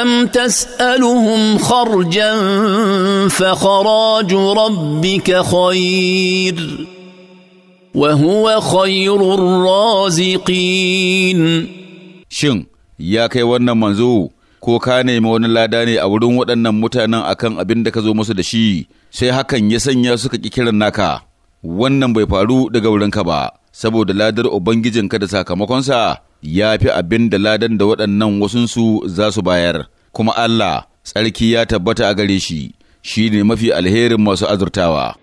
أم تسألهم خرجا فخراج ربك خير وهو خير الرازقين shin ya kai wannan manzo ko ka nemi wani lada ne a wurin waɗannan mutanen akan abin da ka zo musu da shi sai hakan ya sanya suka ƙi kiran naka wannan bai faru daga wurinka ba saboda ladar ubangijinka da sakamakonsa ya fi abin da ladan da waɗannan wasunsu za su bayar, kuma Allah tsarki ya tabbata a gare shi, shi ne mafi alherin masu azurtawa.